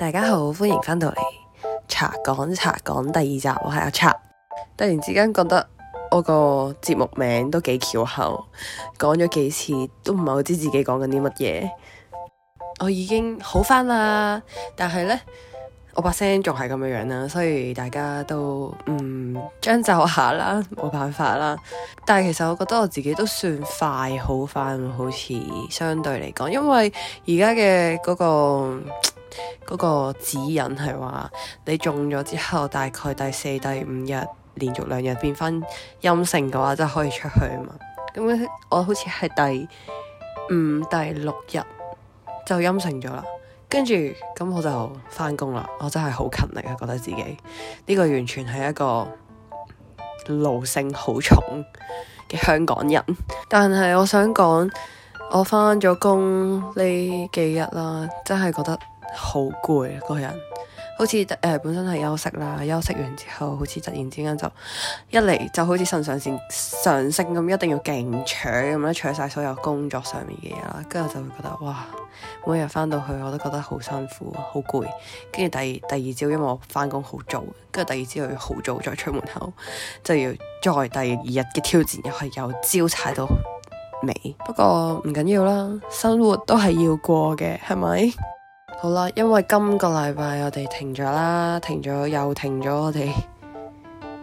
大家好，歡迎翻到嚟《茶講茶講》第二集，我係阿茶。突然之間覺得我個節目名都幾巧口，講咗幾次都唔係好知自己講緊啲乜嘢。我已經好翻啦，但係呢，我把聲仲係咁樣樣啦，所以大家都唔將就下啦，冇辦法啦。但係其實我覺得我自己都算快好翻，好似相對嚟講，因為而家嘅嗰個。嗰個指引係話，你中咗之後，大概第四、第五日連續兩日變翻陰性嘅話，即係可以出去啊嘛。咁我好似係第五、第六日就陰性咗啦，跟住咁我就翻工啦。我真係好勤力啊，覺得自己呢、這個完全係一個勞性好重嘅香港人。但係我想講，我翻咗工呢幾日啦，真係覺得。好攰，啊，個人，好似誒、呃、本身係休息啦，休息完之後，好似突然之間就一嚟，就好似腎上腺上升咁，一定要勁搶咁咧，搶晒所有工作上面嘅嘢啦。跟住就會覺得哇，每日翻到去我都覺得好辛苦，好攰。跟住第第二朝，因為我翻工好早，跟住第二朝要好早再出門口，就要再第二日嘅挑戰，又係由朝踩到尾。不過唔緊要啦，生活都係要過嘅，係咪？好啦，因為今個禮拜我哋停咗啦，停咗又停咗我哋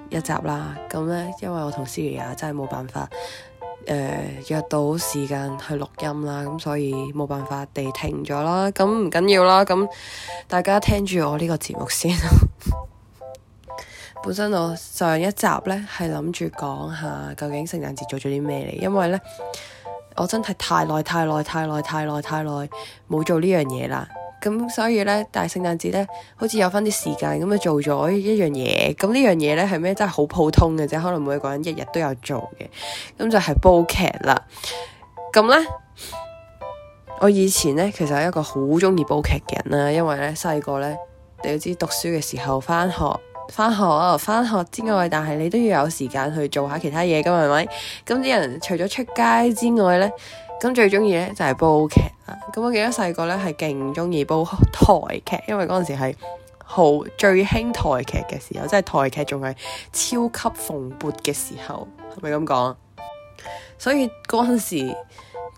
一集啦。咁呢，因為我同 Celia 真係冇辦法誒、呃、約到時間去錄音啦，咁所以冇辦法地停咗啦。咁唔緊要啦，咁大家聽住我呢個節目先。 本身我上一集呢係諗住講下究竟聖誕節做咗啲咩嚟，因為呢，我真係太耐太耐太耐太耐太耐冇做呢樣嘢啦。咁所以咧，大聖誕節咧，好似有翻啲時間咁啊，做咗一樣嘢。咁呢樣嘢咧係咩？真係好普通嘅啫，可能每個人日日都有做嘅。咁就係煲劇啦。咁咧，我以前咧其實係一個好中意煲劇嘅人啦，因為咧細個咧，你知讀書嘅時候翻學、翻學、翻學，學之外，但係你都要有時間去做下其他嘢噶嘛，係咪？咁啲人除咗出街之外咧。咁最中意咧就係、是、煲劇啦，咁我記得細個咧係勁中意煲台劇，因為嗰陣時係好最興台劇嘅時候，即係台劇仲係超級蓬勃嘅時候，係咪咁講？所以嗰陣時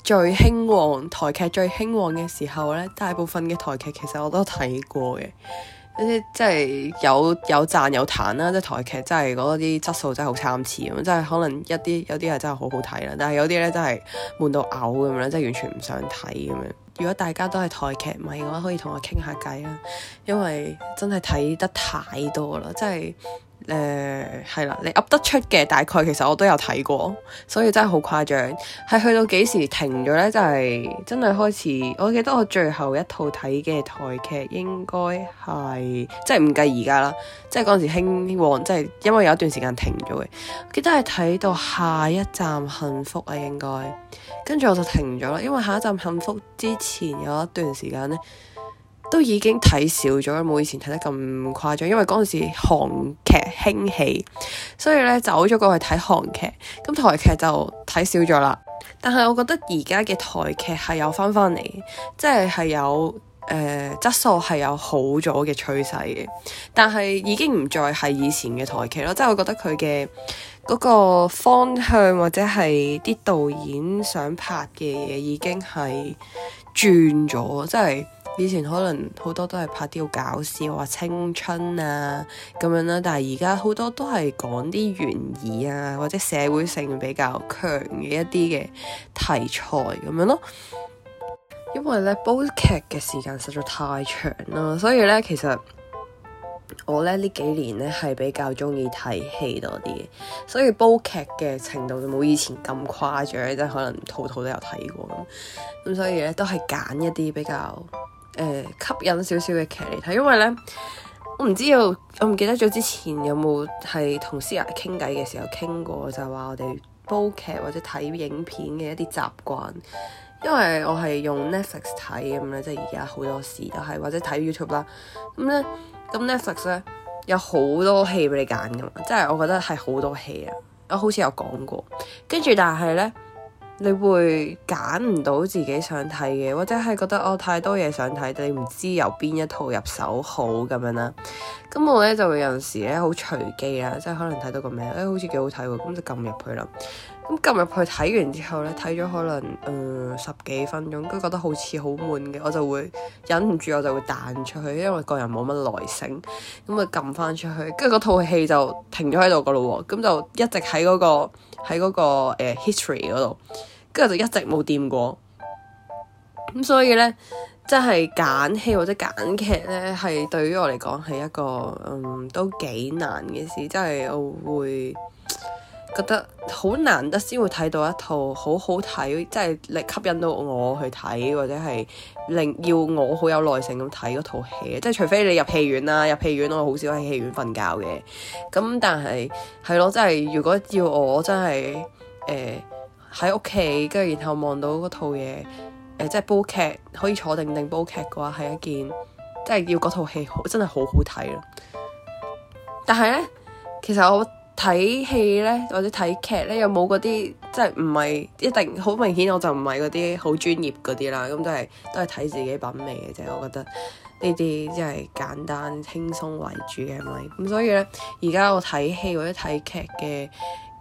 最興旺台劇最興旺嘅時候咧，大部分嘅台劇其實我都睇過嘅。即係有有讚有彈啦，即係台劇真係嗰啲質素真係好參差咁，即係可能一啲有啲係真係好好睇啦，但係有啲咧真係悶到嘔咁樣，即係完全唔想睇咁樣。如果大家都係台劇迷嘅話，可以同我傾下偈啦，因為真係睇得太多啦，真係。誒係啦，你噏得出嘅大概其實我都有睇過，所以真係好誇張。係去到幾時停咗呢？就係、是、真係開始。我記得我最後一套睇嘅台劇應該係，即係唔計而家啦，即係嗰陣時興旺，即、就、係、是、因為有一段時間停咗嘅。記得係睇到下一站幸福啊，應該跟住我就停咗啦，因為下一站幸福之前有一段時間呢。都已經睇少咗，冇以前睇得咁誇張，因為嗰陣時韓劇興起，所以呢走咗過去睇韓劇，咁台劇就睇少咗啦。但係我覺得而家嘅台劇係有返返嚟，即係係有誒、呃、質素係有好咗嘅趨勢嘅，但係已經唔再係以前嘅台劇咯。即係我覺得佢嘅嗰個方向或者係啲導演想拍嘅嘢已經係轉咗，即係。以前可能好多都係拍啲好搞笑啊、青春啊咁樣啦，但係而家好多都係講啲懸疑啊或者社會性比較強嘅一啲嘅題材咁樣咯。因為咧煲劇嘅時間實在太長啦，所以咧其實我咧呢幾年咧係比較中意睇戲多啲嘅，所以煲劇嘅程度就冇以前咁誇張，即係可能套套都有睇過咁。咁所以咧都係揀一啲比較。誒、呃、吸引少少嘅劇嚟睇，因為咧我唔知道，我唔記得咗之前有冇係同思雅傾偈嘅時候傾過，就係話我哋煲劇或者睇影片嘅一啲習慣，因為我係用 Netflix 睇咁咧，即係而家好多時都係或者睇 YouTube 啦，咁咧咁 Netflix 咧有好多戲俾你揀㗎嘛，即係我覺得係好多戲啊，我好似有講過，跟住但係咧。你會揀唔到自己想睇嘅，或者係覺得哦太多嘢想睇，你唔知由邊一套入手好咁樣啦。咁我咧就會有時咧好隨機啦，即係可能睇到個名，誒、欸、好似幾好睇喎，咁就撳入去啦。咁撳入去睇完之後咧，睇咗可能誒、呃、十幾分鐘，都覺得好似好悶嘅，我就會忍唔住我就會彈出去，因為個人冇乜耐性。咁啊撳翻出去，跟住嗰套戲就停咗喺度個咯喎，咁就一直喺嗰、那個。喺嗰個 uh, history 嗰度，跟住就一直冇掂過，咁所以咧，即係揀戲或者揀劇咧，係對於我嚟講係一個嗯都幾難嘅事，即係我會。覺得好難得先會睇到一套好好睇，即係嚟，吸引到我去睇，或者係令要我好有耐性咁睇嗰套戲。即係除非你入戲院啦，啊，入戲院我好少喺戲院瞓覺嘅。咁但係係咯，即係如果要我真係誒喺屋企，跟，呃、住然後望到嗰套嘢誒，即係煲劇可以坐定定煲劇嘅話，係一件即係要嗰套戲好真係好好睇啦。但係咧，其實我。睇戲咧或者睇劇咧，有冇嗰啲即係唔係一定好明顯？我就唔係嗰啲好專業嗰啲啦。咁都係都係睇自己品味嘅啫。我覺得呢啲即係簡單輕鬆為主嘅，係咪？咁所以咧，而家我睇戲或者睇劇嘅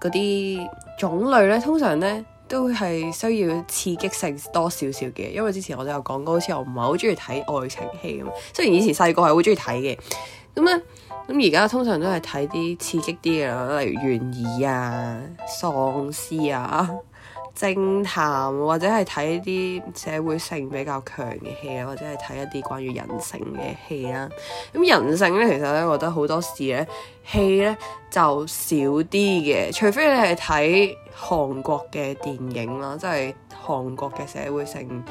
嗰啲種類咧，通常咧都係需要刺激性多少少嘅。因為之前我都有講過，好似我唔係好中意睇愛情戲咁。雖然以前細個係好中意睇嘅，咁咧。咁而家通常都係睇啲刺激啲嘅，例如懸疑啊、喪屍啊、偵探，或者係睇一啲社會性比較強嘅戲啦，或者係睇一啲關於人性嘅戲啦。咁人性呢，其實咧，我覺得好多時呢，戲呢就少啲嘅，除非你係睇韓國嘅電影啦，即係韓國嘅社會性。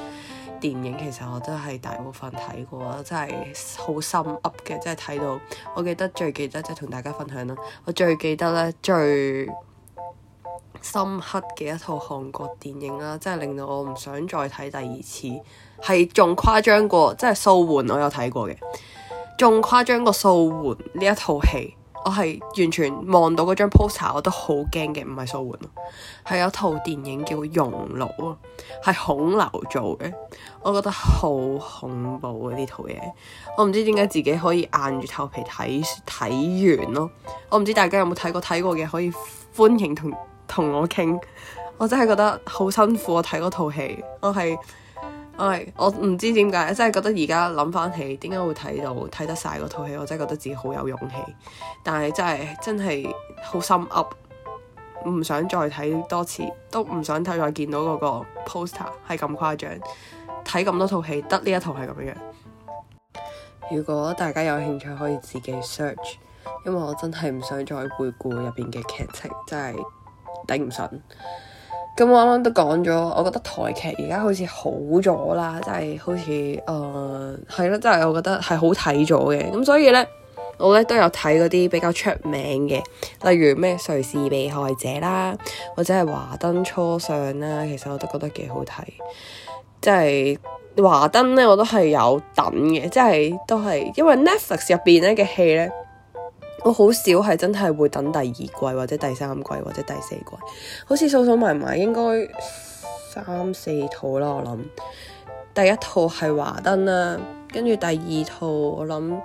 電影其實我都係大，大部分睇過，真係好深噏嘅，真係睇到我記得，最記得，即係同大家分享啦。我最記得咧最深刻嘅一套韓國電影啦，真係令到我唔想再睇第二次，係仲誇張過，即係《素媛》，我有睇過嘅，仲誇張過《素媛》呢一套戲。我係完全望到嗰張 poster，我都好驚嘅，唔係《掃魂》咯，係有套電影叫《熔爐》，係孔劉做嘅，我覺得好恐怖啊！呢套嘢，我唔知點解自己可以硬住頭皮睇睇完咯，我唔知大家有冇睇過睇過嘅，可以歡迎同同我傾，我真係覺得好辛苦啊，我睇嗰套戲，我係。哎、我我唔知點解，真係覺得而家諗翻起點解會睇到睇得晒嗰套戲，我真係覺得自己好有勇氣。但係真係真係好心噏，唔想再睇多次，都唔想睇再見到嗰個 poster，係咁誇張。睇咁多套戲，得呢一套係咁樣。如果大家有興趣，可以自己 search，因為我真係唔想再回顧入邊嘅劇情，真係頂唔順。咁我啱啱都講咗，我覺得台劇而家好似好咗啦，即係好似誒係咯，即、呃、係我覺得係好睇咗嘅。咁所以呢，我咧都有睇嗰啲比較出名嘅，例如咩《誰是被害者》啦，或者係《華燈初上》啦，其實我都覺得幾好睇。即係華燈呢，我都係有等嘅，即係都係因為 Netflix 入邊咧嘅戲呢。我好少係真係會等第二季或者第三季或者第四季，好似數數埋埋應該三四套啦。我諗第一套係華燈啦，跟住第二套我諗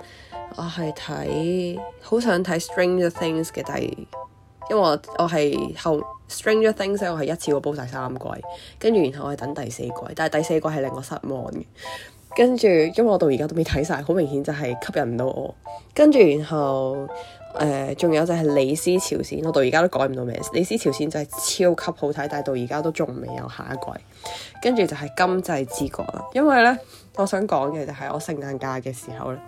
我係睇好想睇《Stranger Things》嘅第二，因為我我係後《Stranger Things》我係一次過煲晒三季，跟住然後我係等第四季，但係第四季係令我失望嘅。跟住，因為我到而家都未睇晒，好明顯就係吸引唔到我。跟住，然後誒，仲、呃、有就係《李斯朝鮮》，我到而家都改唔到名。《李斯朝鮮》就係超級好睇，但係到而家都仲未有下一季。跟住就係《今際之國》啦，因為咧，我想講嘅就係我聖誕假嘅時候咧，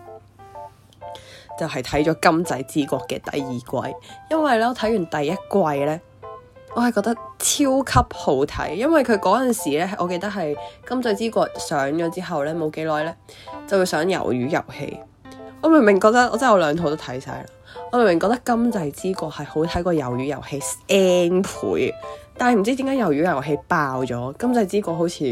就係睇咗《今際之國》嘅第二季，因為咧我睇完第一季咧。我係覺得超級好睇，因為佢嗰陣時咧，我記得係《今際之國》上咗之後咧，冇幾耐咧就會上《魷魚遊戲》。我明明覺得我真係我兩套都睇晒啦，我明明覺得明明覺得《今際之國》係好睇過《魷魚遊戲》N 倍，但係唔知點解《魷魚遊戲》爆咗，《今際之國》好似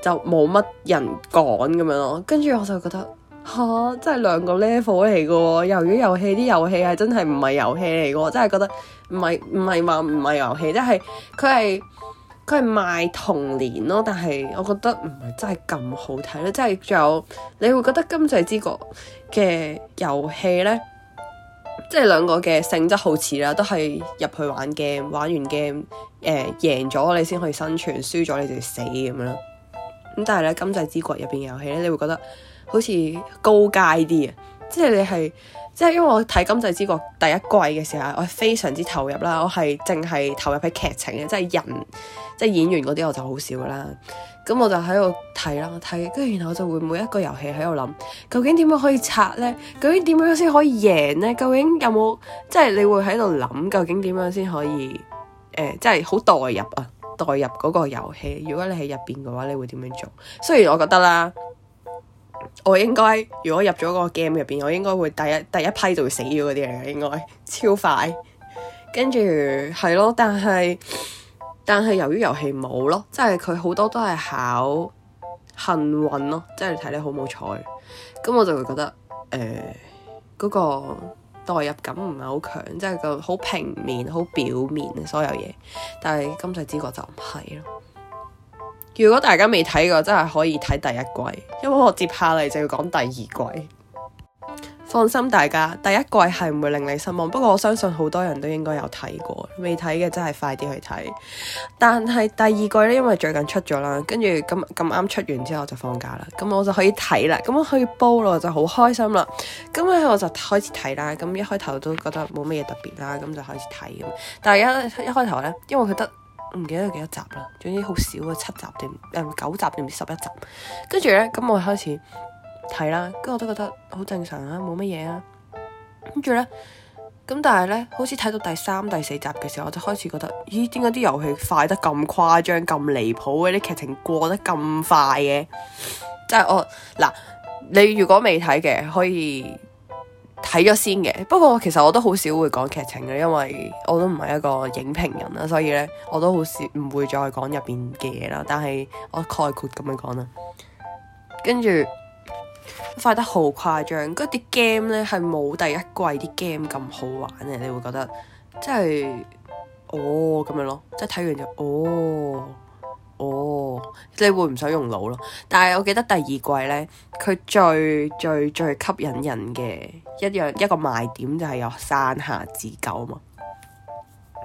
就冇乜人講咁樣咯。跟住我就覺得。吓、啊，真係兩個 level 嚟嘅喎，魷魚遊戲啲遊戲係、啊、真係唔係遊戲嚟嘅，真係覺得唔係唔係話，唔係遊戲，即係佢係佢係賣童年咯。但係我覺得唔係真係咁好睇咯，即係仲有你會覺得《今際之國》嘅遊戲咧，即係兩個嘅性質好似啦，都係入去玩嘅，玩完嘅，誒贏咗你先可以生存，輸咗你就死咁樣。咁但係咧，《今際之國》入邊遊戲咧，你會覺得。好似高階啲啊，即係你係，即係因為我睇《今際之國》第一季嘅時候，我係非常之投入啦，我係淨係投入喺劇情嘅，即係人，即係演員嗰啲我就好少啦。咁我就喺度睇啦，我睇，跟住然後我就會每一個遊戲喺度諗，究竟點樣可以拆呢？究竟點樣先可以贏呢？究竟有冇即係你會喺度諗？究竟點樣先可以誒、欸？即係好代入啊！代入嗰個遊戲，如果你喺入邊嘅話，你會點樣做？雖然我覺得啦。我應該如果入咗個 game 入邊，我應該會第一第一批就會死咗嗰啲嘢，嘅，應該超快。跟住係咯，但係但係由於遊戲冇咯，即係佢好多都係考幸運咯，即係睇你好唔好彩。咁我就會覺得誒，嗰，呃嗰個代入感唔係好強，即係就好平面，好表面嘅所有嘢。但係《今際之國》就唔係咯。如果大家未睇過，真係可以睇第一季，因為我接下嚟，就要講第二季。放心大家，第一季係唔會令你失望。不過我相信好多人都應該有睇過，未睇嘅真係快啲去睇。但係第二季呢，因為最近出咗啦，跟住咁咁啱出完之後就放假啦，咁我就可以睇啦，咁我可以煲咯，就好開心啦。咁咧我就開始睇啦，咁一開頭都覺得冇乜嘢特別啦，咁就開始睇咁。但係一一開頭呢，因為佢得。唔記得幾多集啦，總之好少啊，七集定誒九集定唔知十一集，跟住咧咁我開始睇啦，跟住我都覺得好正常啊，冇乜嘢啊，跟住咧咁但係咧，好似睇到第三第四集嘅時候，我就開始覺得咦，點解啲遊戲快得咁誇張咁離譜嘅，啲劇情過得咁快嘅？即係我嗱，你如果未睇嘅可以。睇咗先嘅，不過其實我都好少會講劇情嘅，因為我都唔係一個影評人啦，所以咧我都好少唔會再講入邊嘅嘢啦。但係我概括咁樣講啦，跟住快得好誇張，嗰啲 game 咧係冇第一季啲 game 咁好玩嘅，你會覺得即係哦咁樣咯，即係睇完就哦。哦，即係、oh, 會唔使用腦咯？但係我記得第二季呢，佢最最最吸引人嘅一樣一個賣點就係有山下智久啊嘛。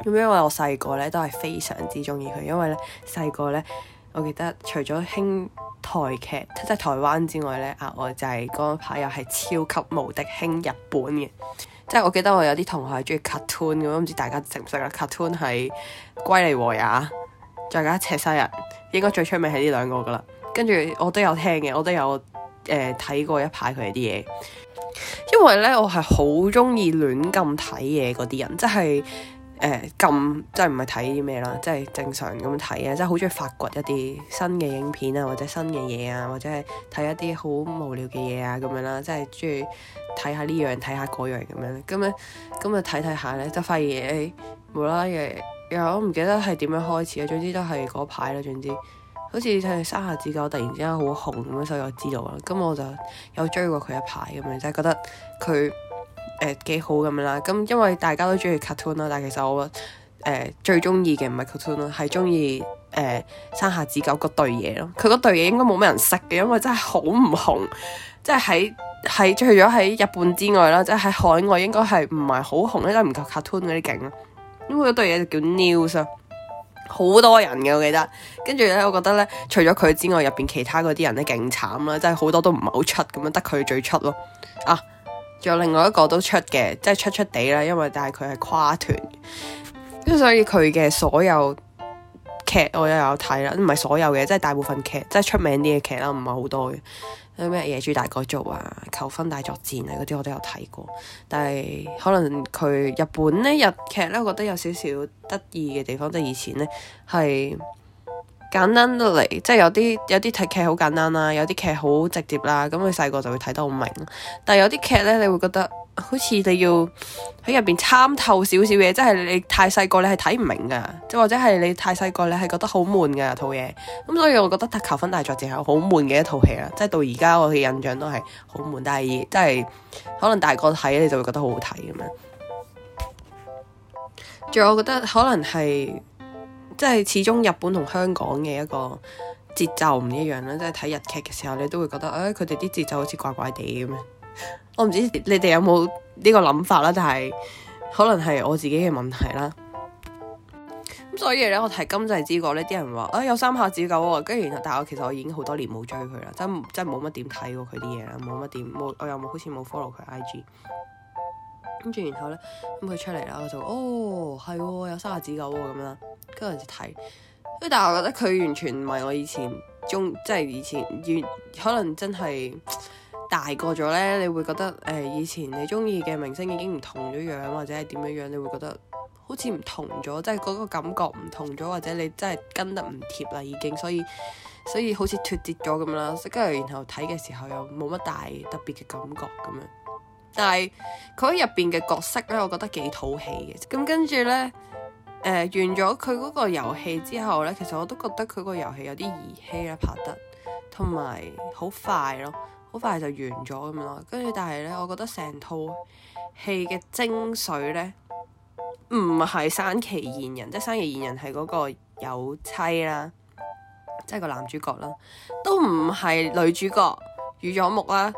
咁因為我細個呢都係非常之中意佢，因為呢細個呢，我記得除咗興台劇即係台灣之外呢，啊，我就係嗰排又係超級無敵興日本嘅。即係我記得我有啲同學係中意卡通咁，唔知大家識唔識啦？卡通係《歸嚟和呀》。就係赤西仁，應該最出名係呢兩個噶啦。跟住我都有聽嘅，我都有誒睇、呃、過一排佢哋啲嘢。因為咧，我係好中意亂咁睇嘢嗰啲人，即係誒咁，即係唔係睇啲咩啦，即係正常咁睇啊，即係好中意發掘一啲新嘅影片啊，或者新嘅嘢啊，或者係睇一啲好無聊嘅嘢啊咁樣啦，即係中意睇下呢樣睇下嗰樣咁樣。咁咧，咁啊睇睇下咧，就發現誒、欸、無啦啦嘢。我唔記得係點樣開始啦，總之都係嗰排啦。總之，好似睇《山下智久》突然之間好紅咁樣，所以我知道啦。咁我就有追過佢一排咁樣，即、就、係、是、覺得佢誒幾好咁樣啦。咁、嗯、因為大家都中意卡通啦，但係其實我誒、呃、最中意嘅唔係卡通啦，係中意誒山下智久隊》嗰對嘢咯。佢嗰對嘢應該冇咩人識嘅，因為真係好唔紅，即係喺喺除咗喺日本之外啦，即係喺海外應該係唔係好紅咧，都唔夠卡通嗰啲勁啦。因為嗰對嘢就叫 news 啊，好多人嘅我記得，跟住咧，我覺得咧，除咗佢之外，入邊其他嗰啲人咧，勁慘啦，即係好多都唔係好出，咁樣得佢最出咯。啊，啊，仲有另外一個都出嘅，即係出出地啦，因為但係佢係跨團，所以佢嘅所有劇我又有睇啦，唔係所有嘅，即係大部分劇，即係出名啲嘅劇啦，唔係好多嘅。咩野豬大改造啊，求婚大作戰啊，嗰啲我都有睇過，但係可能佢日本咧，日劇咧，我覺得有少少得意嘅地方，即係以前咧係。簡單得嚟，即係有啲有啲睇劇好簡單啦，有啲劇好直接啦，咁佢細個就會睇得好明。但係有啲劇呢，你會覺得好似你要喺入邊參透少少嘢，即係你太細個你係睇唔明噶，即或者係你太細個你係覺得好悶噶套嘢。咁、這個、所以我覺得《求婚大作戰》係好悶嘅一套戲啦，即係到而家我嘅印象都係好悶。但係即係可能大個睇你就會覺得好好睇咁樣。仲有我覺得可能係。即係始終日本同香港嘅一個節奏唔一樣啦，即係睇日劇嘅時候，你都會覺得誒，佢哋啲節奏好似怪怪地咁。我唔知你哋有冇呢個諗法啦，但係可能係我自己嘅問題啦。咁所以咧，我睇《金枝之國》呢啲人話誒、哎、有三下子狗，跟住但係我其實我已經好多年冇追佢啦，真真係冇乜點睇過佢啲嘢啦，冇乜點冇我又冇好似冇 follow 佢 IG。跟住然後呢，咁、嗯、佢出嚟啦，我就哦係、哦、有三啊子九咁啦，跟住就睇。但係我覺得佢完全唔係我以前中，即係以前，可能真係大個咗呢。你會覺得誒、呃、以前你中意嘅明星已經唔同咗樣，或者係點樣樣，你會覺得好似唔同咗，即係嗰個感覺唔同咗，或者你真係跟得唔貼啦已經，所以所以好似脫節咗咁啦，跟住然後睇嘅時候又冇乜大特別嘅感覺咁樣。但係佢入邊嘅角色咧，我覺得幾討喜嘅。咁跟住咧，誒、呃、完咗佢嗰個遊戲之後咧，其實我都覺得佢個遊戲有啲兒戲啦，拍得同埋好快咯，好快就完咗咁樣咯。跟住，但係咧，我覺得成套戲嘅精髓咧，唔係山崎賢人，即係山崎賢人係嗰個有妻啦，即、就、係、是、個男主角啦，都唔係女主角遇咗木啦。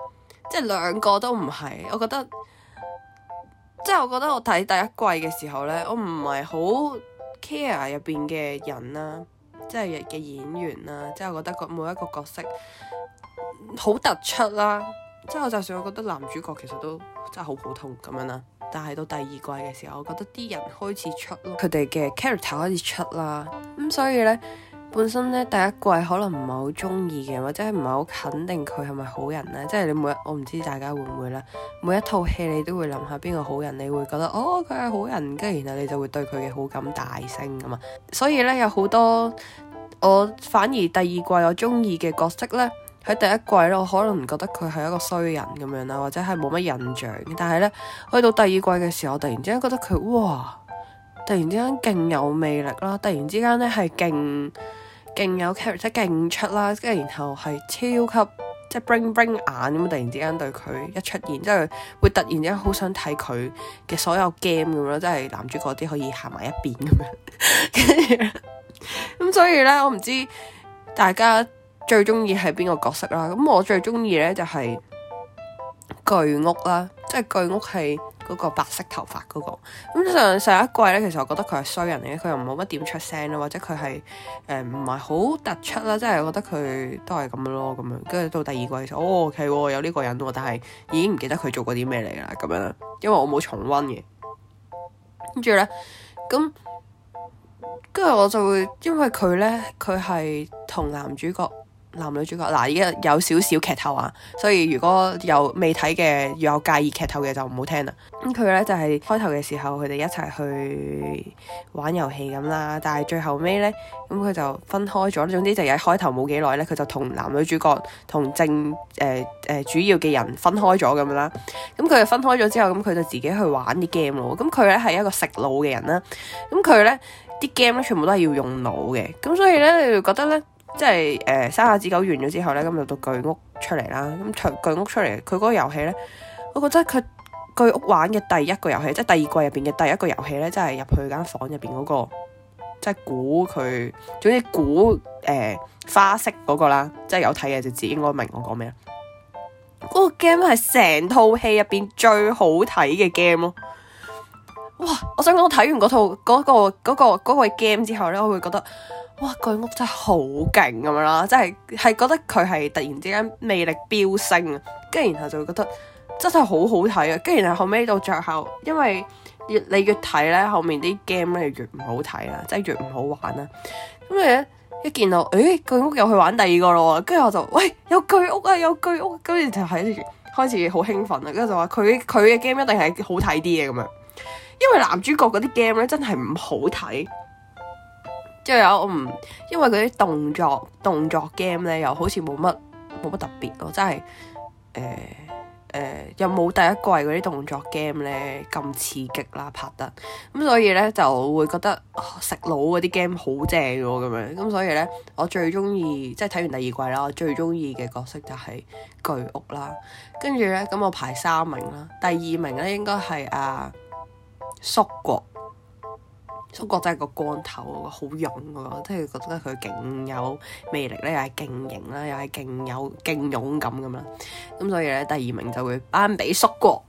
即係兩個都唔係，我覺得，即係我覺得我睇第一季嘅時候呢，我唔係好 care 入邊嘅人啦，即係嘅演員啦，即係我覺得個每一個角色好突出啦，即係我就算我覺得男主角其實都真係好普通咁樣啦，但係到第二季嘅時候，我覺得啲人開始出咯，佢哋嘅 character 開始出啦，咁所以呢。本身咧，第一季可能唔係好中意嘅，或者係唔係好肯定佢係咪好人咧？即係你每，我唔知大家會唔會咧？每一套戲你都會諗下邊個好人，你會覺得哦，佢係好人，跟住然後你就會對佢嘅好感大升咁嘛。所以咧，有好多我反而第二季我中意嘅角色咧，喺第一季咧我可能唔覺得佢係一個衰人咁樣啦，或者係冇乜印象。但係咧，去到第二季嘅時候，我突然之間覺得佢哇，突然之間勁有魅力啦！突然之間咧係勁。勁有 character 即係勁出啦，跟住然後係超級即係 bling bling 眼咁，突然之間對佢一出現，即係會突然之間好想睇佢嘅所有 game 咁樣，即係男主角啲可以行埋一邊咁樣，跟住咁所以咧，我唔知大家最中意係邊個角色啦，咁我最中意咧就係巨屋啦，即係巨屋係。嗰個白色頭髮嗰個，咁上上一季咧，其實我覺得佢係衰人嚟嘅，佢又冇乜點出聲咯，或者佢係誒唔係好突出啦，即係我覺得佢都係咁樣咯，咁樣跟住到第二季嘅時候，哦，OK 喎、哦，有呢個人喎，但係已經唔記得佢做過啲咩嚟啦，咁樣，因為我冇重温嘅。跟住咧，咁跟住我就會因為佢咧，佢係同男主角。男女主角嗱，而家有少少劇透啊，所以如果有未睇嘅，有介意劇透嘅就唔好聽啦。咁佢咧就係、是、開頭嘅時候，佢哋一齊去玩遊戲咁啦，但係最後尾咧，咁、嗯、佢就分開咗。總之就喺開頭冇幾耐咧，佢就同男女主角同正誒誒、呃呃、主要嘅人分開咗咁啦。咁佢就分開咗之後，咁佢就自己去玩啲 game 咯。咁佢咧係一個食腦嘅人啦。咁佢咧啲 game 全部都係要用腦嘅。咁所以咧，你哋覺得咧？即係誒，生、呃、下子狗完咗之後咧，咁就到巨屋出嚟啦。咁除巨屋出嚟，佢嗰個遊戲咧，我覺得佢巨屋玩嘅第一個遊戲，即係第二季入邊嘅第一個遊戲咧，即係入去間房入邊嗰個，即係估佢，總之估誒、呃、花式嗰個啦。即係有睇嘅就知應該明我講咩啦。嗰個 game 係成套戲入邊最好睇嘅 game 咯。哇！我想講，我睇完嗰套嗰、嗰個嗰、嗰個嗰、嗰個 game、嗰個、之後咧，我會覺得。哇！巨屋真係好勁咁樣啦，真係係覺得佢係突然之間魅力飆升啊，跟住然後就會覺得真係好好睇啊，跟住然後後尾到最後，因為越你越睇咧，後面啲 game 咧越唔好睇啦，即係越唔好玩啦。咁誒一見到誒巨屋又去玩第二個咯，跟住我就喂，有巨屋啊，有巨屋，跟住就係開始好興奮啊，跟住就話佢佢嘅 game 一定係好睇啲嘅咁樣，因為男主角嗰啲 game 咧真係唔好睇。即係有我唔、嗯，因為嗰啲動作動作 game 咧，又好似冇乜冇乜特別咯，真係誒誒，又冇第一季嗰啲動作 game 咧咁刺激啦拍得，咁所以咧就會覺得、呃、食腦嗰啲 game 好正喎咁樣，咁所以咧我最鍾意即係睇完第二季啦，我最鍾意嘅角色就係巨屋啦，跟住咧咁我排三名啦，第二名咧應該係阿叔國。叔國真係個光頭，好勇喎！即係覺得佢勁有魅力咧，又係勁型啦，又係勁有勁勇敢咁啦。咁所以咧，第二名就會頒俾叔國，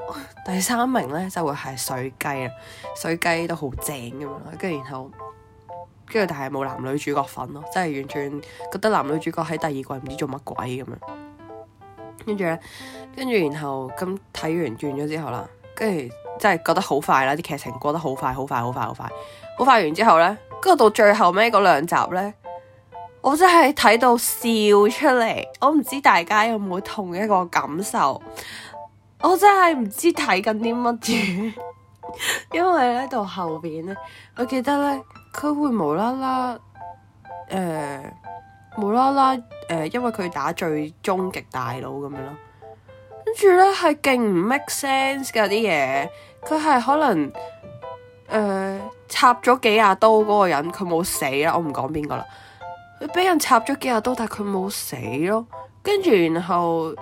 第三名咧就會係水雞啊！水雞都好正咁樣，跟住，然後，跟住，但係冇男女主角份咯，即係完全覺得男女主角喺第二季唔知做乜鬼咁樣。跟住咧，跟住，然後咁睇完轉咗之後啦，跟住真係覺得好快啦！啲劇情過得好快，好快，好快，好快。我翻完之後呢，跟住到最後尾嗰兩集呢，我真係睇到笑出嚟。我唔知大家有冇同一個感受？我真係唔知睇緊啲乜嘢，因為呢到後邊呢，我記得呢，佢會無啦啦誒，無啦啦誒，因為佢打最終極大佬咁樣咯，跟住呢，係勁唔 make sense 嘅啲嘢，佢係可能。誒、呃，插咗幾廿刀嗰個人，佢冇死啦。我唔講邊個啦，佢俾人插咗幾廿刀，但係佢冇死咯。跟住然後，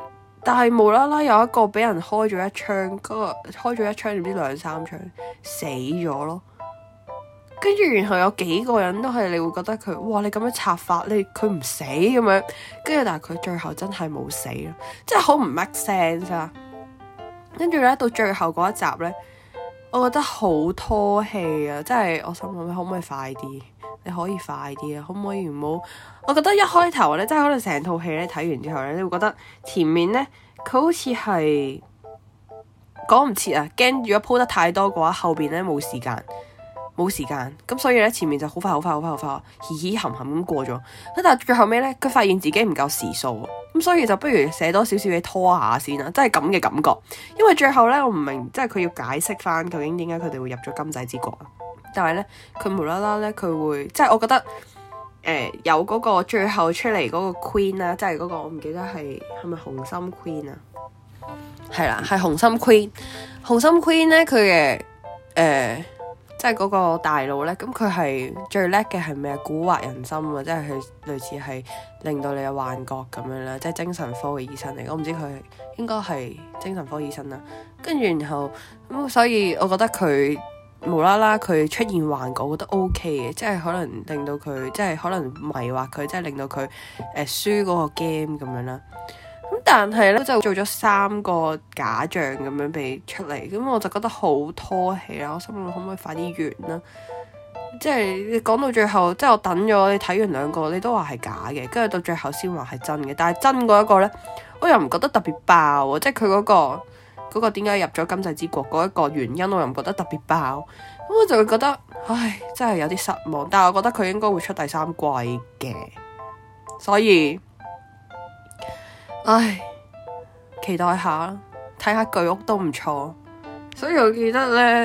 但係無啦啦有一個俾人開咗一槍，嗰、嗰個開咗一槍唔知兩三槍死咗咯。跟住然後有幾個人都係你會覺得佢，哇！你咁樣插法，你佢唔死咁樣。跟住但係佢最後真係冇死咯，真係好唔 make sense 啊。跟住咧到最後嗰一集咧。我覺得好拖戲啊！即係我心諗可唔可以快啲？你可以快啲啊！可唔可以唔好？我覺得一開頭咧，即係可能成套戲咧睇完之後咧，你會覺得前面咧佢好似係講唔切啊，驚如果鋪得太多嘅話，後邊咧冇時間冇時間咁，所以咧前面就好快好快好快好快，快，快，嘻嘻冚冚咁過咗。但係最後尾咧，佢發現自己唔夠時數。咁所以就不如寫多少少嘢，拖下先啦，即係咁嘅感覺。因為最後咧，我唔明，即係佢要解釋翻究竟點解佢哋會入咗金仔之國。但係咧，佢無啦啦咧，佢會即係我覺得，誒、呃，有嗰個最後出嚟嗰個 queen 啦、那個，即係嗰個我唔記得係係咪紅心 queen 啊？係啦，係紅心 queen。紅心 queen 咧，佢嘅誒。呃即係嗰個大佬咧，咁佢係最叻嘅係咩啊？蠱惑人心啊，即係佢類似係令到你有幻覺咁樣啦，即係精神科嘅醫生嚟，我唔知佢應該係精神科醫生啦。跟住然後咁，所以我覺得佢無啦啦佢出現幻覺，我覺得 OK 嘅，即係可能令到佢，即係可能迷惑佢，即係令到佢誒輸嗰個 game 咁樣啦。咁但係咧就做咗三個假象咁樣俾出嚟，咁我就覺得好拖戲啦。我心諗可唔可以快啲完啦？即係你講到最後，即係我等咗你睇完兩個，你都話係假嘅，跟住到最後先話係真嘅。但係真嗰一個呢，我又唔覺得特別爆，即係佢嗰個嗰個點解入咗今際之國嗰一個原因，我又唔覺得特別爆。咁我就會覺得，唉，真係有啲失望。但係我覺得佢應該會出第三季嘅，所以。唉，期待下，睇下巨屋都唔錯，所以我記得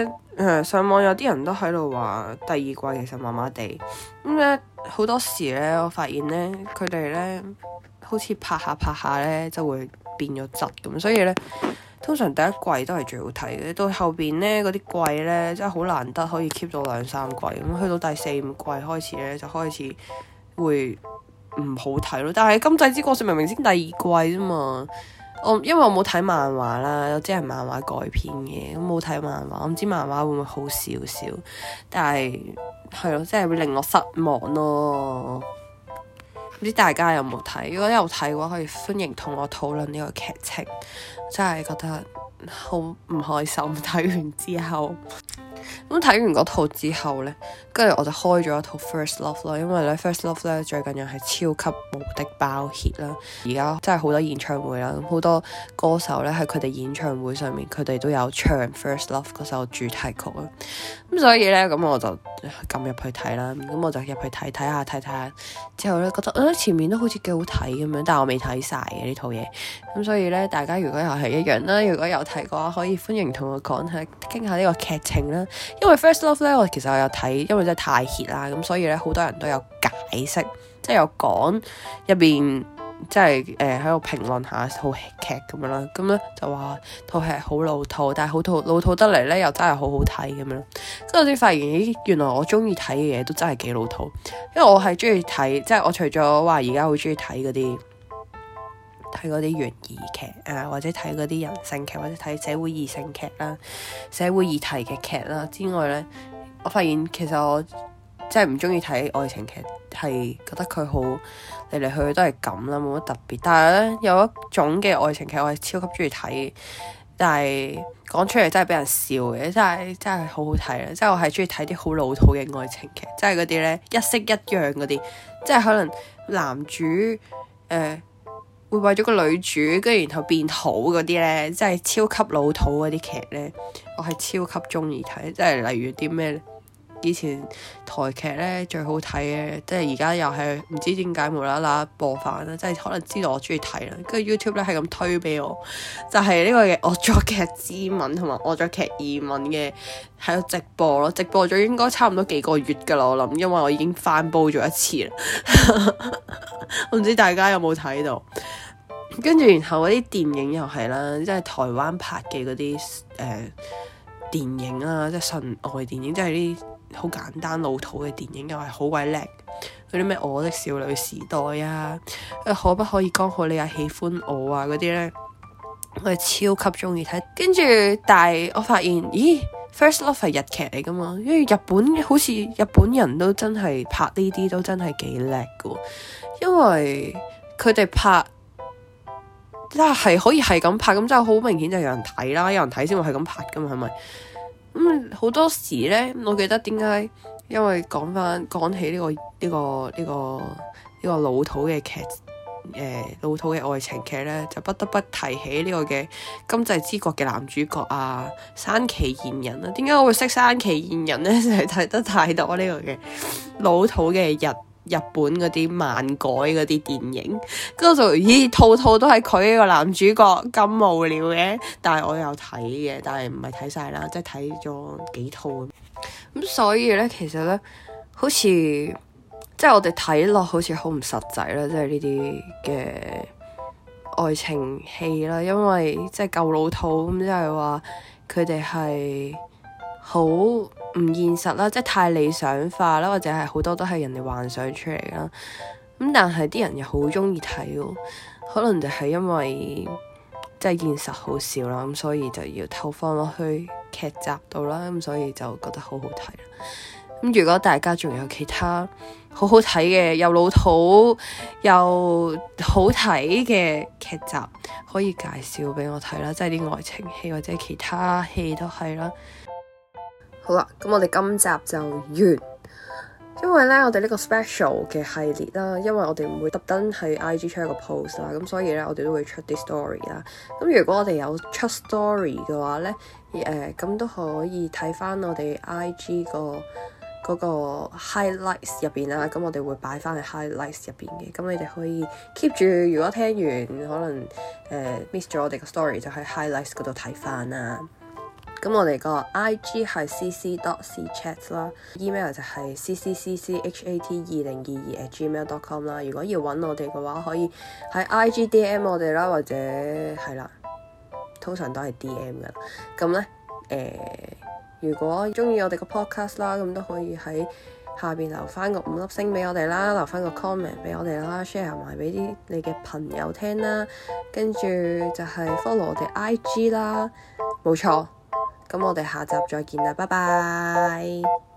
呢，誒、呃，上網有啲人都喺度話第二季其實麻麻地，咁呢好多時呢，我發現呢，佢哋呢，好似拍下拍下呢，就會變咗質咁，所以呢，通常第一季都係最好睇嘅，到後邊呢，嗰啲季呢，真係好難得可以 keep 到兩三季，咁去到第四五季開始呢，就開始會。唔好睇咯，但係《今際之國》係明明先第二季啫嘛，我因為我冇睇漫畫啦，又即係漫畫改編嘅，冇睇漫畫，唔知漫畫會唔會好少少，但係係咯，真係會令我失望咯。唔知大家有冇睇？如果有睇嘅話，可以歡迎同我討論呢個劇情，真係覺得好唔開心睇完之後。咁睇完嗰套之後呢，跟住我就開咗一套 First《First Love》咯，因為咧《First Love》咧最近又係超級無敵爆 hit 啦，而家真係好多演唱會啦，好多歌手咧喺佢哋演唱會上面佢哋都有唱《First Love》嗰首主題曲啦。咁所以呢，咁我就撳入去睇啦。咁我就入去睇睇下睇睇下，之後呢覺得我、啊、前面都好似幾好睇咁樣，但我未睇晒嘅呢套嘢。咁所以呢，大家如果又係一樣啦，如果有睇過啊，可以歡迎同我講下，傾下呢個劇情啦。因為 first love 咧，我其實我有睇，因為真係太 hit 啦，咁所以咧好多人都有解釋，即係有講入邊，即係誒喺度評論一下套劇咁樣啦，咁咧就話套劇好老土，但係好土老土得嚟咧又真係好好睇咁樣，跟住先發現，咦原來我中意睇嘅嘢都真係幾老土，因為我係中意睇，即係我除咗話而家好中意睇嗰啲。睇嗰啲懸疑劇啊，或者睇嗰啲人性劇，或者睇社會異性劇啦、社會議題嘅劇啦之外咧，我發現其實我真係唔中意睇愛情劇，係覺得佢好嚟嚟去去都係咁啦，冇乜特別。但係咧有一種嘅愛情劇，我係超級中意睇，但係講出嚟真係俾人笑嘅，真係真係好好睇啦！即係我係中意睇啲好老土嘅愛情劇，即係嗰啲咧一式一樣嗰啲，即係可能男主誒，呃會為咗個女主，跟住然後變土嗰啲咧，即係超級老土嗰啲劇咧，我係超級中意睇，即係例如啲咩？以前台劇咧最好睇嘅，即係而家又係唔知點解無啦啦播翻啦，即係可能知道我中意睇啦，跟住 YouTube 咧係咁推俾我，就係呢個嘅惡作劇之吻同埋惡作劇二吻嘅喺度直播咯，直播咗應該差唔多幾個月噶啦，我諗，因為我已經翻煲咗一次啦，我 唔知大家有冇睇到，跟住然後嗰啲電影又係啦，即係台灣拍嘅嗰啲誒電影啊，即係純愛電影，即係啲。好簡單老土嘅電影又係好鬼叻，嗰啲咩我的少女時代啊，啊，可不可以剛好你也，啊，喜歡我啊嗰啲咧，我係超級中意睇。跟住，但係我發現，咦，First Love 係日劇嚟㗎嘛？因為日本好似日本人都真係拍呢啲都真係幾叻㗎，因為佢哋拍都係可以係咁拍，咁就好明顯就有人睇啦，有人睇先會係咁拍㗎嘛，係咪？咁好、嗯、多時咧，我記得點解？因為講翻講起呢、這個呢、這個呢、這個呢、這個這個老土嘅劇，誒、呃、老土嘅愛情劇咧，就不得不提起呢個嘅《今際之國》嘅男主角啊，山崎賢人啊，點解我會識山崎賢人咧？就係、是、睇得太多呢個嘅老土嘅日日本嗰啲漫改嗰啲電影，跟 住就咦、哎、套套都係佢呢個男主角，咁無聊嘅，但係我有睇嘅，但係唔係睇晒啦，即係睇咗幾套咁、嗯，所以呢，其實呢，好似即係我哋睇落好似好唔實際啦，即係呢啲嘅愛情戲啦，因為即係夠老套。咁，即係話佢哋係好唔現實啦，即係太理想化啦，或者係好多都係人哋幻想出嚟啦。咁但係啲人又好中意睇喎，可能就係因為即係現實好少啦，咁所以就要投放落去劇集度啦。咁所以就覺得好好睇啦。咁如果大家仲有其他好好睇嘅又老土又好睇嘅劇集，可以介紹俾我睇啦，即係啲愛情戲或者其他戲都係啦。好啦，咁我哋今集就完，因為咧我哋呢個 special 嘅系列啦，因為我哋唔會特登喺 IG 出一個 post 啦，咁所以咧我哋都會出啲 story 啦。咁如果我哋有出 story 嘅話咧，誒咁都可以睇翻我哋 IG 個個 highlights 入邊啦。咁我哋會擺翻喺 highlights 入邊嘅，咁你哋可以 keep 住。如果聽完可能誒、呃、miss 咗我哋個 story，就喺 highlights 嗰度睇翻啦。咁我哋個 i g 係 c c dot c chats 啦，email 就係 c c c c h a t 二零二二 at gmail dot com 啦。如果要揾我哋嘅話，可以喺 i g d m 我哋啦，或者係啦，通常都係 d m 噶。咁呢，誒、呃，如果中意我哋個 podcast 啦，咁都可以喺下邊留返個五粒星俾我哋啦，留返個 comment 俾我哋啦，share 埋俾啲你嘅朋友聽啦，跟住就係 follow 我哋 i g 啦，冇錯。咁我哋下集再見喇，拜拜。